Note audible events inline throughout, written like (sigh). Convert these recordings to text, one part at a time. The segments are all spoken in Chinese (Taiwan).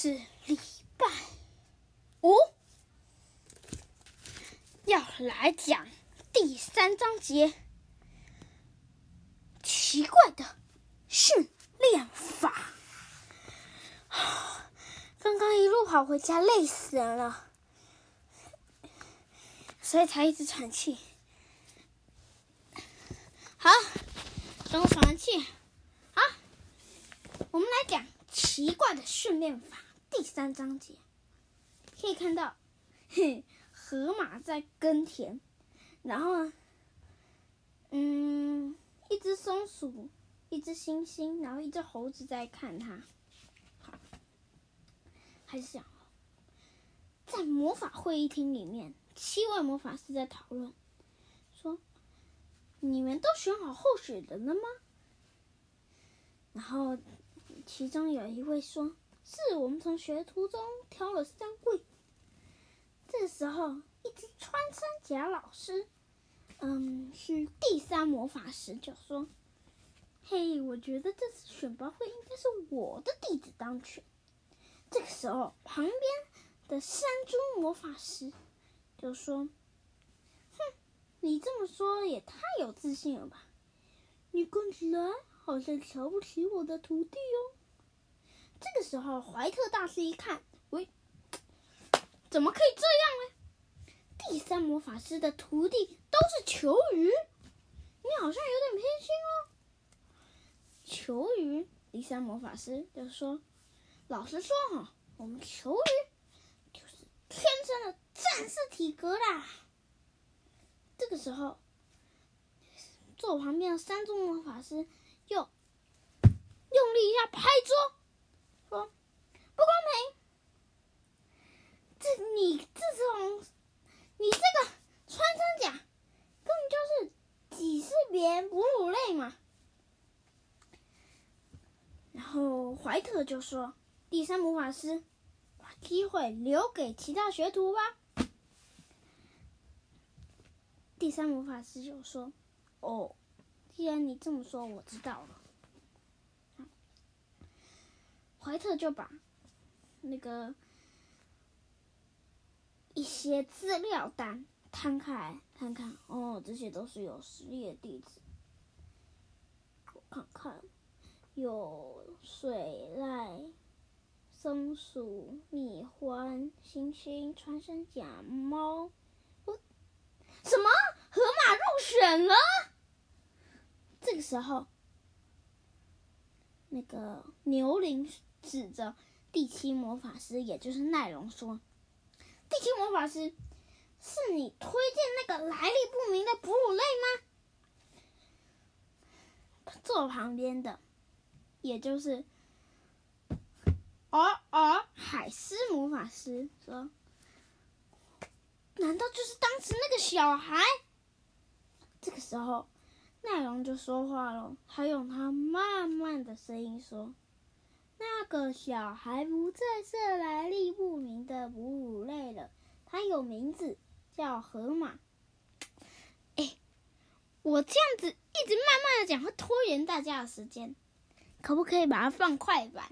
是禮拜五，要來講第三章節，奇怪的訓練法。剛剛一路跑回家累死人了，所以才一直喘氣。好，等我喘完氣，好，我們來講奇怪的訓練法。第三章節可以看到，呵呵河馬在耕田，然後，嗯，一只松鼠，一隻猩猩，然後一只猴子在看它。好，還是在魔法會議廳裡面，七位魔法師在討論，說：“你們都選好候選人了嗎？”然後，其中有一位說。是我們從學徒中挑了三位，這個、時候，一只穿山甲老師，嗯，是第三魔法師，就說：“嘿，我覺得這次選拔會應該是我的弟子當選。”這個時候，旁邊的山豬魔法師就說：“哼，你這麼說也太有自信了吧？你看起來好像瞧不起我的徒弟喲、哦。”這個時候，懷特大師一看，喂，怎麼可以這樣呢？第三魔法師的徒弟都是球魚，你好像有點偏心哦。球魚，第三魔法師就說：“老實說哈，我們球魚就是天生的戰士體格啦。”這個時候，坐我旁邊的三中魔法師就用力一下拍桌。不公平！這你這種，你這個穿山甲根本就是歧視別人哺乳類嘛。然後懷特就說：“第三魔法師，把機會留給其他學徒吧。”第三魔法師就說：“哦，既然你這麼說，我知道了。”懷特就把。那個一些資料單攤開看看，哦，這些都是有實力的弟子。我看看，有水獺、松鼠、蜜獾、猩猩、穿山甲、貓。我什麼？河馬入選了。這個時候，那個牛羚指着。第七魔法師，也就是奈龍說：“第七魔法師是你推薦那個來歷不明的哺乳類嗎？”坐旁邊的，也就是，哦爾、哦、海斯魔法師說：“難道就是當時那個小孩？”這個時候，奈龍就說話了，他用他慢慢的聲音說。那個小孩不再是來歷不明的哺乳類了，他有名字叫河馬。哎、欸，我這樣子一直慢慢的講會拖延大家的時間，可不可以把它放快板？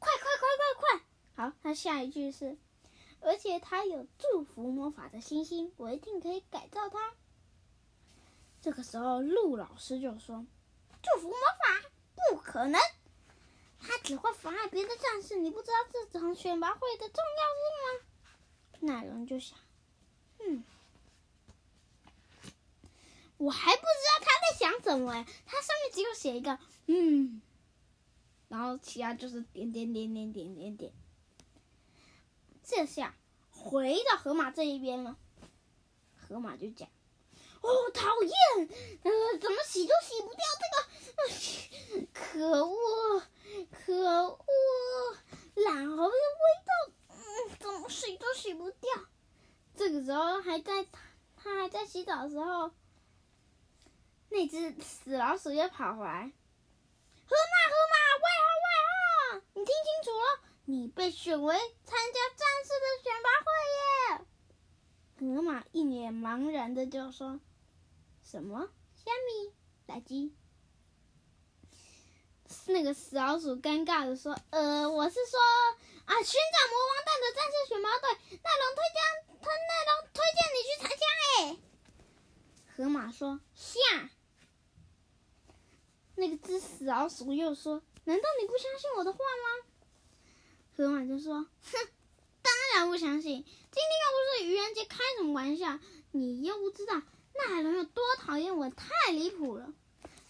快快快快快！好，那下一句是，而且他有祝福魔法的星星，我一定可以改造它。這個時候，陸老師就說：“祝福魔法不可能。”他只會妨礙別的戰士，你不知道這場選拔會的重要性嗎？奶龍就想，嗯，我還不知道他在想什麼、哎、他上面只有寫一個“嗯”，然後其他就是點點點點點點點。這下回到河馬這一邊了，河馬就講。哦，討厭、呃，怎麼洗都洗不掉這個、呃，可惡，可惡，懶猴,懶猴的味道，嗯、呃，怎麼洗都洗不掉。這個時候還在他還在洗澡的時候，那只死老鼠又跑回來，喝嘛，喝嘛，喂啊，喂啊，你聽清楚了，你被選為參加戰士的選拔會耶。河馬一臉茫然的就說：“什麼蝦米？垃圾？”那個死老鼠尷尬的說：“呃，我是說啊，尋找魔王蛋的戰士熊貓隊，那龍推薦他，那龍推薦你去參加。”哎，河馬說：“下。”那個只死老鼠又說：“難道你不相信我的話嗎？”河馬就說：“哼，當然不相信。”今天又不是愚人節，開什麼玩笑？你又不知道那還能有多討厭我，太離譜了。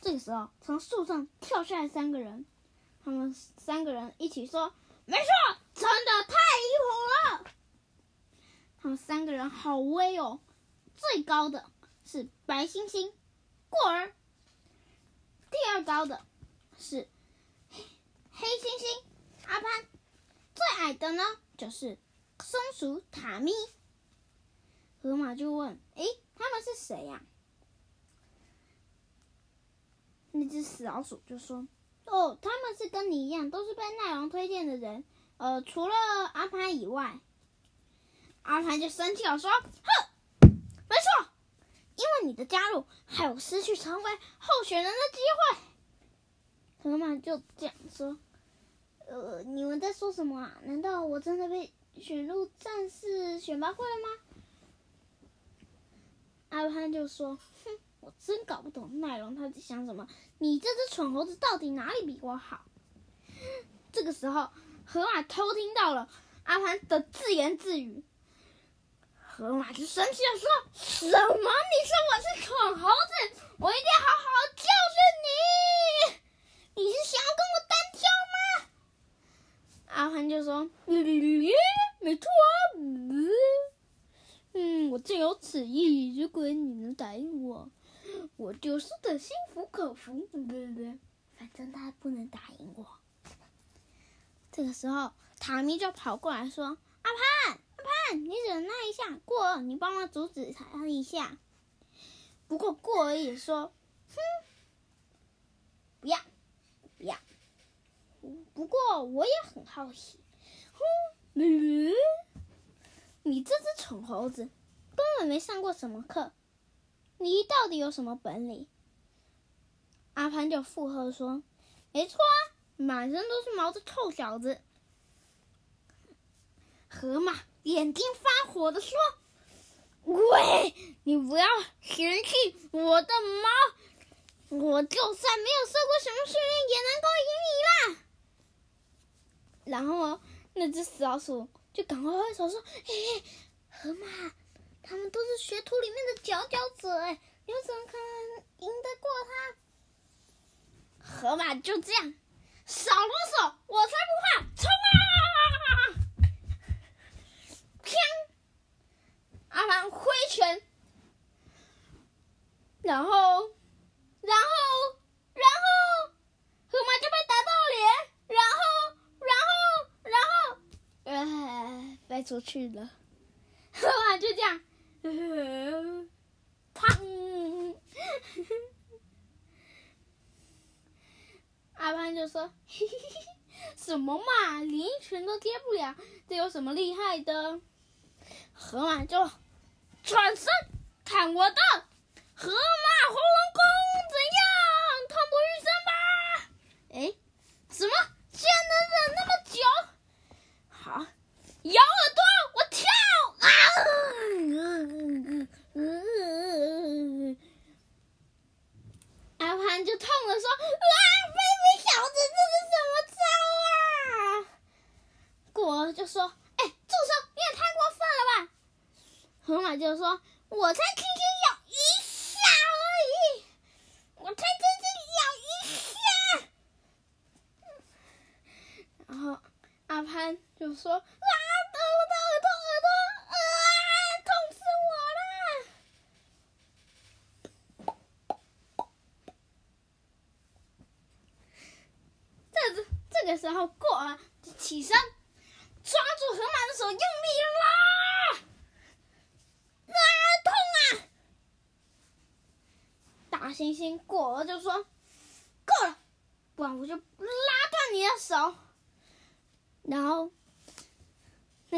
這個時候，從樹上跳下來三個人，他們三個人一起說：“沒錯，真的太離譜了。”他們三個人好威哦，最高的是白猩猩過兒，第二高的，是黑猩猩阿潘，最矮的呢就是。松鼠塔咪，河馬就問：“誒、欸，他們是誰呀、啊？”那隻死老鼠就說：“哦，他們是跟你一樣，都是被奈王推薦的人。呃，除了阿潘以外，阿潘就生氣了，說：‘哼，沒錯，因為你的加入，害我失去成為候選人的機會。’”河馬就這樣說：“呃，你們在說什麼啊？難道我真的被……”選入戰士選拔會了嗎？阿潘就說：“哼，我真搞不懂奈龍他在想什麼？你這隻蠢猴子到底哪裡比我好？”這個時候，河馬偷聽到了阿潘的自言自語，河馬就生氣的說：“什麼？你說我是蠢猴子？我一定要好好教訓你！你是想要跟我單挑嗎？”阿潘就說：“你沒錯，嗯，嗯，我正有此意。如果你能答應我，我就輸得心服口服。對對對，反正他不能答應我。這個時候，塔米就跑過來說：“阿潘，阿潘，你忍耐一下，過兒，你幫忙阻止他一下。”不過過兒也說：“哼，不要，不要。”不過我也很好奇，哼。嗯，你這隻蠢猴子，根本沒上過什麼課，你到底有什麼本領？阿潘就附和說：“沒錯啊，滿身都是毛的臭小子。”河馬眼睛發火的說：“喂，你不要嫌棄我的毛，我就算沒有受過什麼訓練，也能夠贏你啦。”然後。那隻死老鼠就趕快揮手說：“嘿，嘿，河馬，他們都是學徒裡面的佼佼者，哎，你怎麼可能贏得過他？”河馬就這樣，少囉嗦，我才不怕，衝啊！阿凡、啊、揮拳，然後。去了，河馬 (laughs) 就這樣，砰、呃！ (laughs) 阿潘就說嘿嘿嘿：“什麼嘛，連一拳都接不了，這有什麼厲害的？”河馬就轉身，看我的河馬紅龍功，怎樣痛不欲生吧？哎、欸，什麼？竟然能忍那麼久？好，搖。阿胖 (laughs) 就痛的說：“啊，菲菲小子，這是什麼招啊？”果就說：“哎，住手！你也太過分了吧！”紅馬就說：“我才……”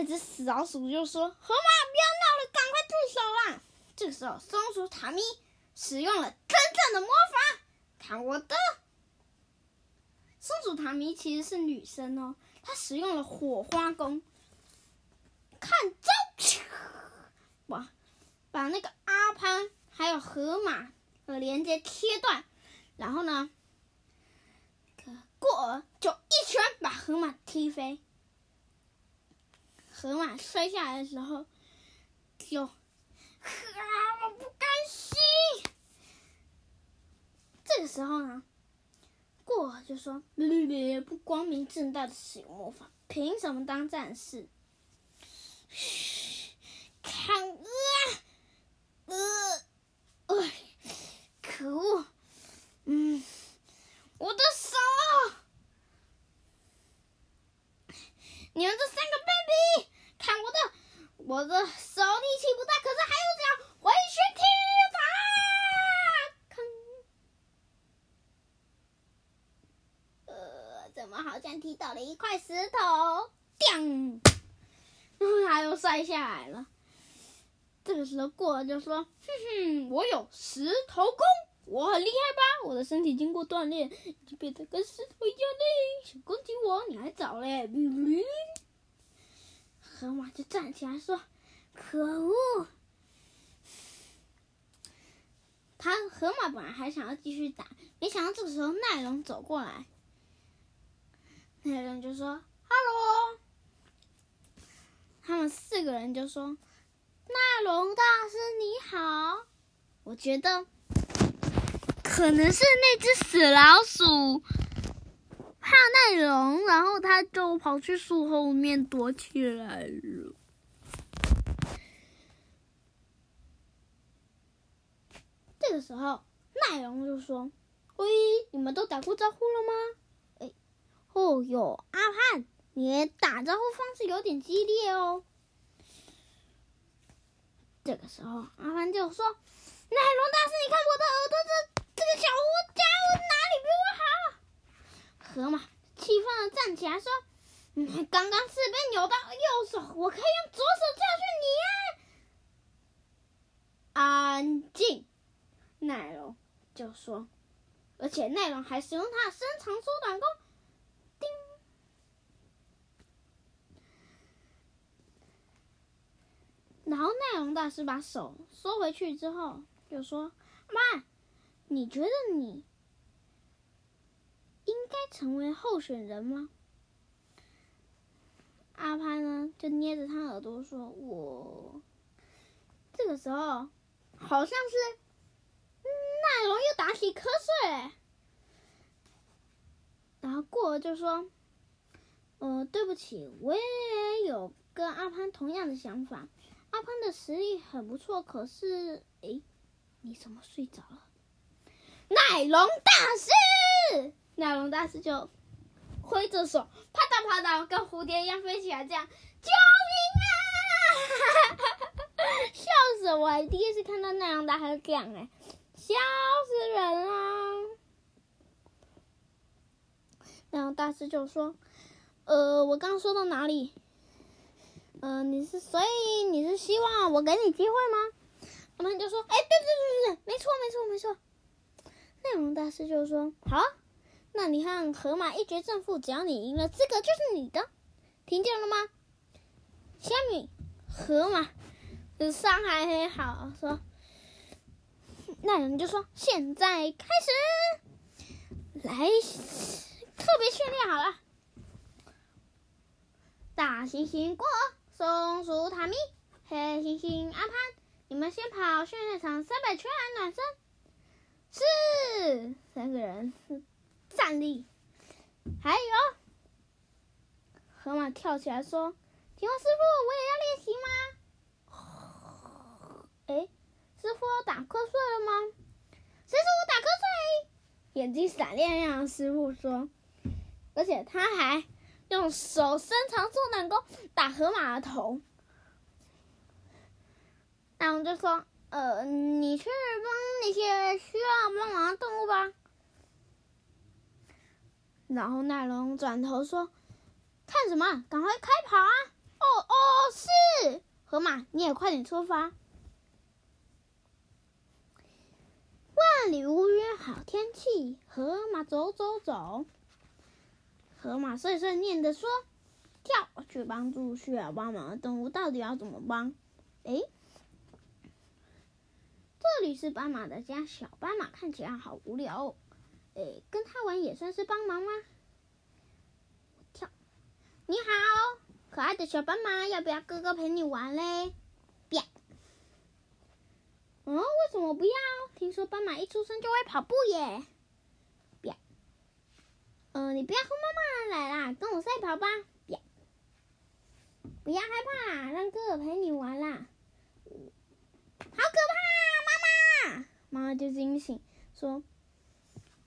那隻死老鼠就說：“河馬，不要鬧了，趕快住手啊。”這個時候，松鼠塔米使用了真正的魔法，看我的！松鼠塔米其實是女生哦，她使用了火花弓，看招，哇，把那個阿潘還有河馬的連接切斷，然後呢，過兒就一拳把河馬踢飛。河馬摔下來的時候，就，呵啊！我不甘心。這個時候呢，過就說：略略略！不光明正大的使用魔法，憑什麼當戰士？噓，看啊！塊石頭，掉，然 (laughs) 後他又摔下來了。這個時候，過了就說：“哼哼，我有石頭功，我很厲害吧？我的身體經過鍛鍊，已經變得跟石頭一樣嘞。想攻擊我，你還早嘞。嗯”河馬就站起來說：“可惡！”他河馬本來還想要繼續打，沒想到這個時候奈龍走過來。那個人就說：“Hello。哈嘍”他們四個人就說：“那龍大師你好。”我覺得可能是那只死老鼠怕那龍，然後他就跑去樹後面躲起來了。這個時候，那龍就說：“喂，你們都打過招呼了嗎？”哦喲，阿盼，你打招呼方式有點激烈哦。這個時候，阿盼就說：“奶龍大師，你看我的耳朵這，這這個小屋家椒哪裡比我好？”河馬氣憤的站起來說、嗯：“剛剛是被扭到右手，我可以用左手教訓你啊！”安靜，奶龍就說：“而且奶龍還使用他的伸長縮短功。”然後奈龍大師把手收回去之後，就說：“媽，你覺得你應該成為候選人嗎？”阿潘呢，就捏着他耳朵說：“我。”這個時候，好像是奈龍又打起瞌睡，然後過了就說：“呃，對不起，我也有跟阿潘同樣的想法。”阿潘的實力很不錯，可是，哎，你怎麼睡着了？奶龍大師，奶龍大師就揮着手，啪嗒啪嗒，跟蝴蝶一樣飛起來，這樣，救命啊！笑,笑死我了！第一次看到奶龍大師這樣，哎、欸，笑死人了。奶龍大師就說：“呃，我剛,剛說到哪裡？”嗯、呃，你是所以你是希望我給你機會嗎那你就說，哎、欸，對對對對對，沒錯沒錯沒錯。內容大師就說，好，那你看河馬一決勝負，只要你贏了，這個就是你的，聽見了嗎？蝦米，河馬，傷還沒好。說，那你就說，現在開始，來特別訓練好了，大猩猩過。松鼠塔米、黑猩猩阿潘，你們先跑訓練場三百圈暖身。是，三個人是站立。還有，河馬跳起來說：“請問師傅，我也要練習嗎？”哎，師傅打瞌睡了嗎？誰說我打瞌睡？眼睛閃亮亮。師傅說，而且他還。用手伸長竹竿鉤打河馬的頭，奈龍就說：“呃，你去幫那些需要幫忙的動物吧。”然後奈龍轉頭說：“看什麼？趕快開跑啊！”“哦哦，是河馬，你也快點出發。”萬里無雲，好天氣，河馬走走走。河馬碎碎念的說：“跳，去幫助需要幫忙的動物，到底要怎麼幫？”哎、欸，這裡是斑馬的家，小斑馬看起來好無聊哦。哎、欸，跟他玩也算是幫忙嗎？跳，你好，可愛的小斑馬，要不要哥哥陪你玩嘞？別，嗯，為什麼不要？聽說斑馬一出生就會跑步耶。你不要和媽媽來啦，跟我賽跑吧！別，不要害怕，讓哥哥陪你玩啦。好可怕啊！媽媽，媽媽就驚醒，說：“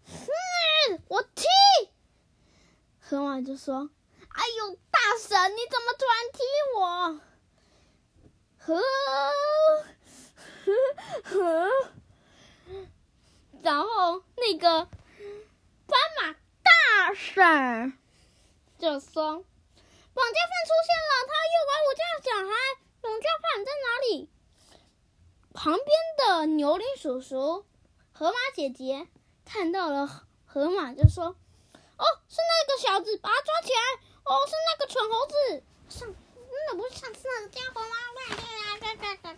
嗯，我踢。”河馬就說：“哎呦，大神，你怎麼突然踢我？”呵，呵，呵，呵。然後那個。嬸就說：“綁架犯出現了，他又拐我家小孩。綁架犯在哪裡？”旁邊的牛鈴叔叔、河馬姐姐看到了，河馬就說：“哦，是那個小子，把他抓起來。哦，是那個蠢猴子，上，那不是上次那個家伙嗎？”河、哎哎哎哎哎、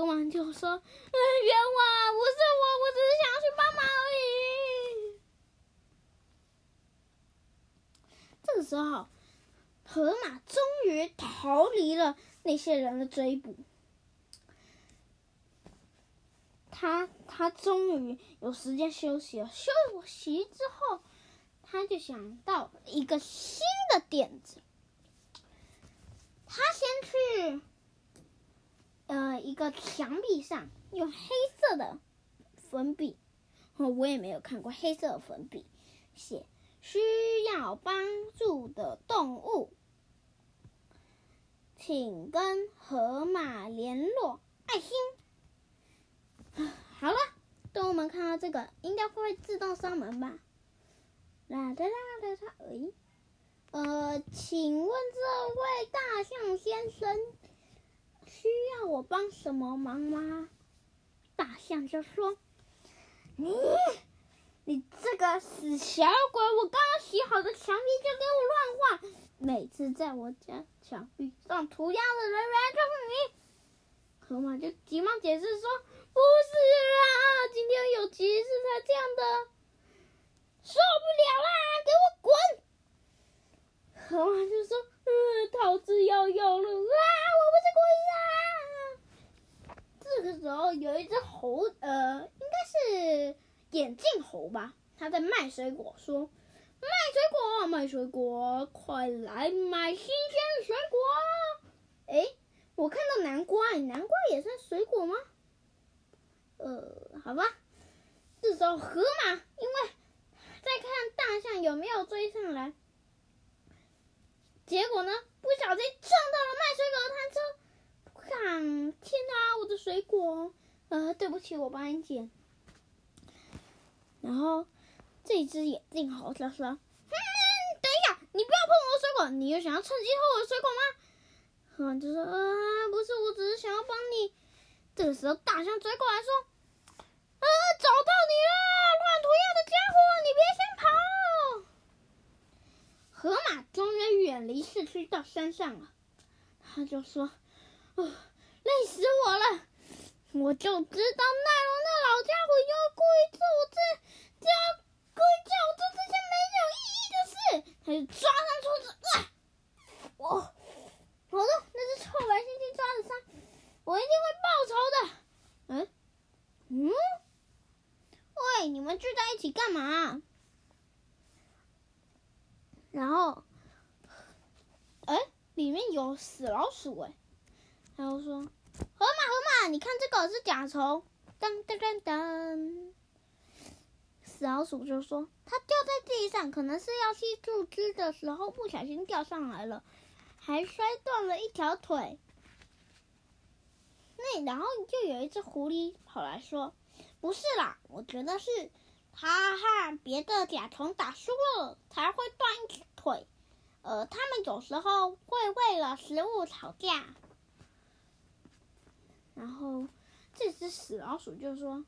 馬就說：“哎，冤枉啊，不是我，我只是……”想。之後，河馬終於逃離了那些人的追捕他。他他終於有時間休息了。休息之後，他就想到一個新的點子。他先去，呃，一個牆壁上用黑色的粉筆，我，哦，我也沒有看過黑色的粉筆寫。需要幫助的動物，請跟河馬聯絡愛心。好了，動物們看到這個，應該會自動上門吧？啦啦啦啦啦。呃，請問這位大象先生，需要我幫什麼忙嗎？大象就說：“你。”你這個死小鬼！我剛剛洗好的牆壁就給我亂畫！每次在我家牆壁上塗鴉的人，原來都是你！河馬就急忙解釋說：“不是啦，今天有急事才這樣的。”受不了啦！給我滾！河馬就說：“嗯，逃之夭夭了啊！我不是故意的啊！”這個時候，有一只猴，呃，應該是。眼鏡猴吧，他在賣水果，說，賣水果，賣水果，快來買新鮮的水果。哎，我看到南瓜，南瓜也算水果嗎？呃，好吧，至少河馬，因為在看大象有沒有追上來，結果呢，不小心撞到了賣水果的攤車，不天哪，我的水果！呃，對不起，我幫你撿。然後，這一隻眼鏡猴就說：“哼、嗯，等一下，你不要碰我的水果，你又想要趁機偷我的水果嗎？”嗯，就說：“啊，不是，我只是想要幫你。”這個時候，大象追過來說：“啊，找到你了，亂塗鴉的家伙，你別想跑！”河馬終於遠，遠離市區到山上了，他就說：“啊、呃，累死我了！我就知道奈龍那老家伙要故意揍我這。”還抓上兔子。哇、啊！我、哦、說那只臭白猩猩抓的傷，我一定會報仇的。嗯、欸、嗯，喂，你們聚在一起幹嘛？然後，哎、欸，裡面有死老鼠哎、欸。然後說，河馬，河馬，你看這個是甲蟲，當當當當。死老鼠就說：“它掉在地上，可能是要吸樹汁的時候不小心掉上來了，還摔斷了一條腿。”嗯，那然後就有一隻狐狸跑來說：“不是啦，我覺得是它和別的甲蟲打輸了才會斷一隻腿。呃，他們有時候會為了食物吵架。”然後這隻死老鼠就說。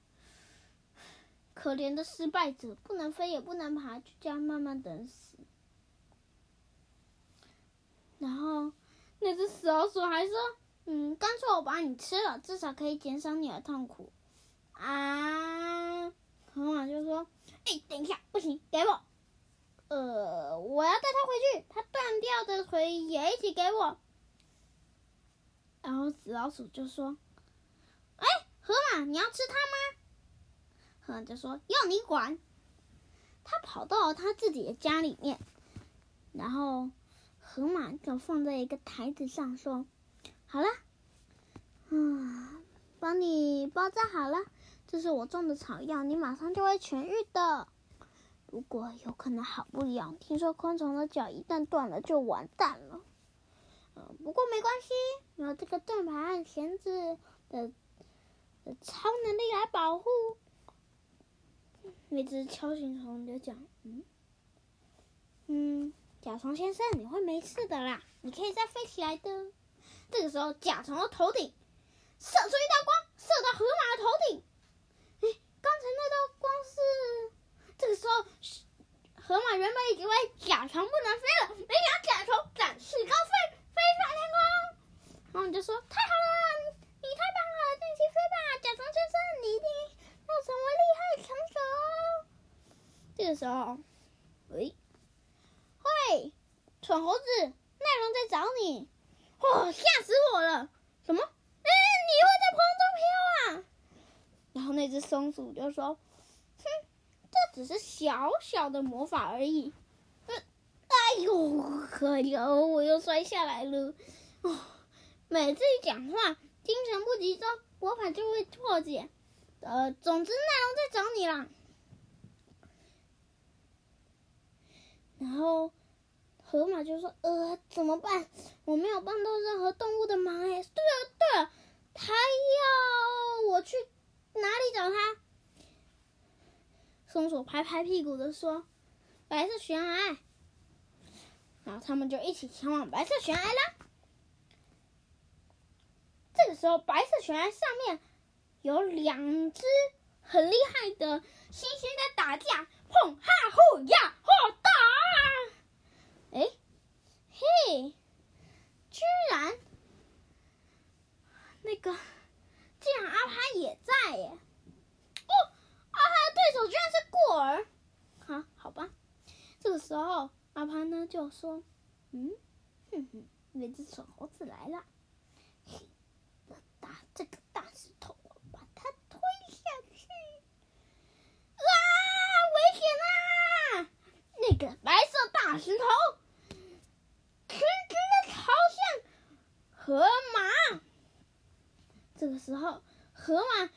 可憐的失敗者，不能飛也不能爬，就這樣慢慢等死。然後那只死老鼠還說：“嗯，乾脆我把你吃了，至少可以減少你的痛苦。”啊，河馬就說：“哎，等一下，不行，給我，呃，我要帶它回去，它斷掉的腿也一起給我。”然後死老鼠就說：“哎，河馬，你要吃它嗎？”就說要你管！他跑到他自己的家裡面，然後河馬就放在一個台子上，說：“好了，嗯，幫你包紮好了，這是我種的草藥，你馬上就會痊癒的。如果有可能好不了，聽說昆蟲的腳一旦斷了就完蛋了。呃，不過沒關係，有這個盾牌和鉗子的超能力來保護。”那隻鍬形蟲就講：“嗯，嗯，甲蟲先生，你會沒事的啦，你可以再飛起來的。”這個時候，甲蟲的頭頂射出一道光，射到河馬的頭頂。哎，剛才那道光是這個時候，河馬原本以為甲蟲不能飛了，沒想到甲蟲展。時候，喂，喂，蠢猴子奈龍在找你，哦，嚇死我了！什麼？哎、欸，你會在空中飄啊？然後那隻松鼠就說：“哼，這只是小小的魔法而已。”呃，哎呦，可、哎、牛！我又摔下來了。哦，每次一講話，精神不集中，魔法就會破解。呃，總之奈龍在找你啦。然後，河馬就說：“呃，怎麼辦？我沒有幫到任何動物的忙哎、欸。”對了，對了，他要我去哪裡找他？松鼠拍拍屁股的說：“白色懸崖。”然後他們就一起前往白色懸崖啦。這個時候，白色懸崖上面有兩隻很厲害的猩猩在打架。吼哈吼呀吼打！哎，嘿，居然那個，竟然阿潘也在耶！哦，阿、啊、潘的對手居然是過兒，好、啊，好吧。這個時候，阿潘呢就說：“嗯，哼、嗯、哼，那只蠢猴子來了，嘿，我打這個大時候，河馬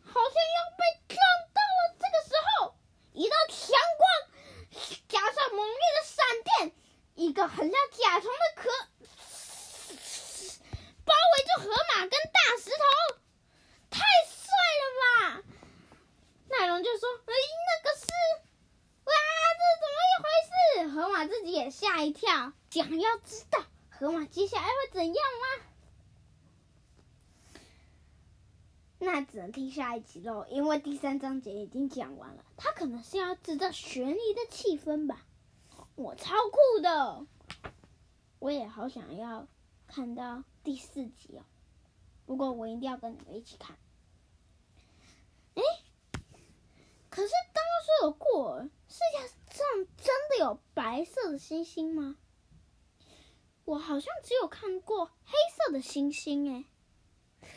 好像要被撞到了。這個時候，一道強光加上猛烈的閃電，一個很像甲蟲的殼包圍住河馬跟大石頭，太帥了吧！奈龍就說：“哎，那個是？哇，這怎麼一回事？”河馬自己也嚇一跳，想要知道河馬接下來會怎樣嗎？聽下一集嘍，因為第三章節已經講完了，他可能是要制造懸疑的氣氛吧。我超酷的，我也好想要看到第四集哦，喔。不過我一定要跟你們一起看。欸，可是剛剛說有過，世界上真的有白色的星星嗎？我好像只有看過黑色的星星，欸，哎，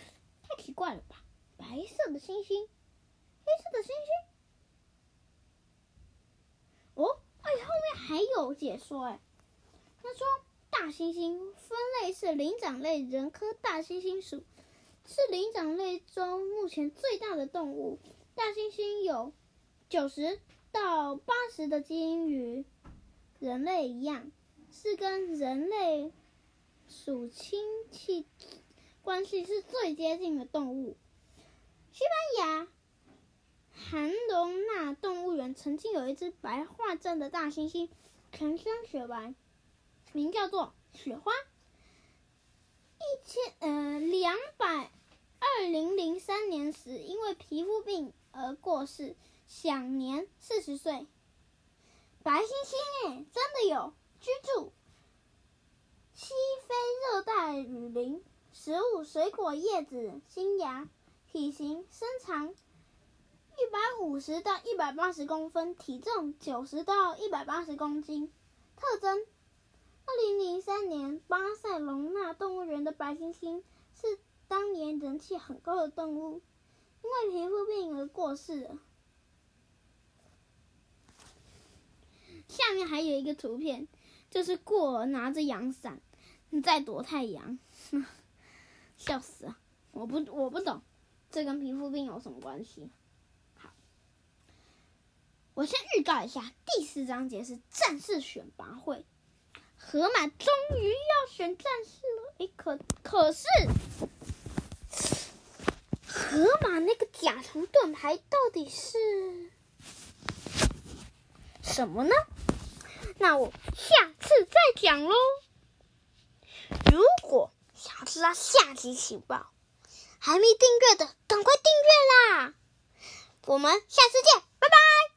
太奇怪了吧？白色的猩猩，黑色的猩猩。哦，哎，後面還有解說哎、欸。他說，大猩猩分類是靈長類人科大猩猩屬，是靈長類中目前最大的動物。大猩猩有九十到八十的基因與人類一樣，是跟人類屬親戚關係是最接近的動物。西班牙，韓龍納動物園曾經有一隻白化症的大猩猩，全身雪白，名叫做“雪花”。一千呃兩百二零零三年時，因為皮膚病而過世，享年四十歲。白猩猩哎，真的有居住。西非熱帶雨林，食物：水果、葉子、新芽。體型身長一百五十到一百八十公分，體重九十到一百八十公斤。特徵：二零零三年巴塞隆納動物園的白猩猩是當年人氣很高的動物，因為皮膚病而過世了。下面還有一個圖片，就是過兒拿着陽傘在躲太陽，， (laughs) 笑死了！我不我不懂。這跟皮膚病有什麼關係？好，我先預告一下，第四章節是戰士選拔會，河馬終於要選戰士了。哎，可可是，河馬那個甲蟲盾牌到底是什麼呢？那我下次再講嘍。如果想知道下集情報。還沒訂閱的，趕快訂閱啦！我們下次見，拜拜！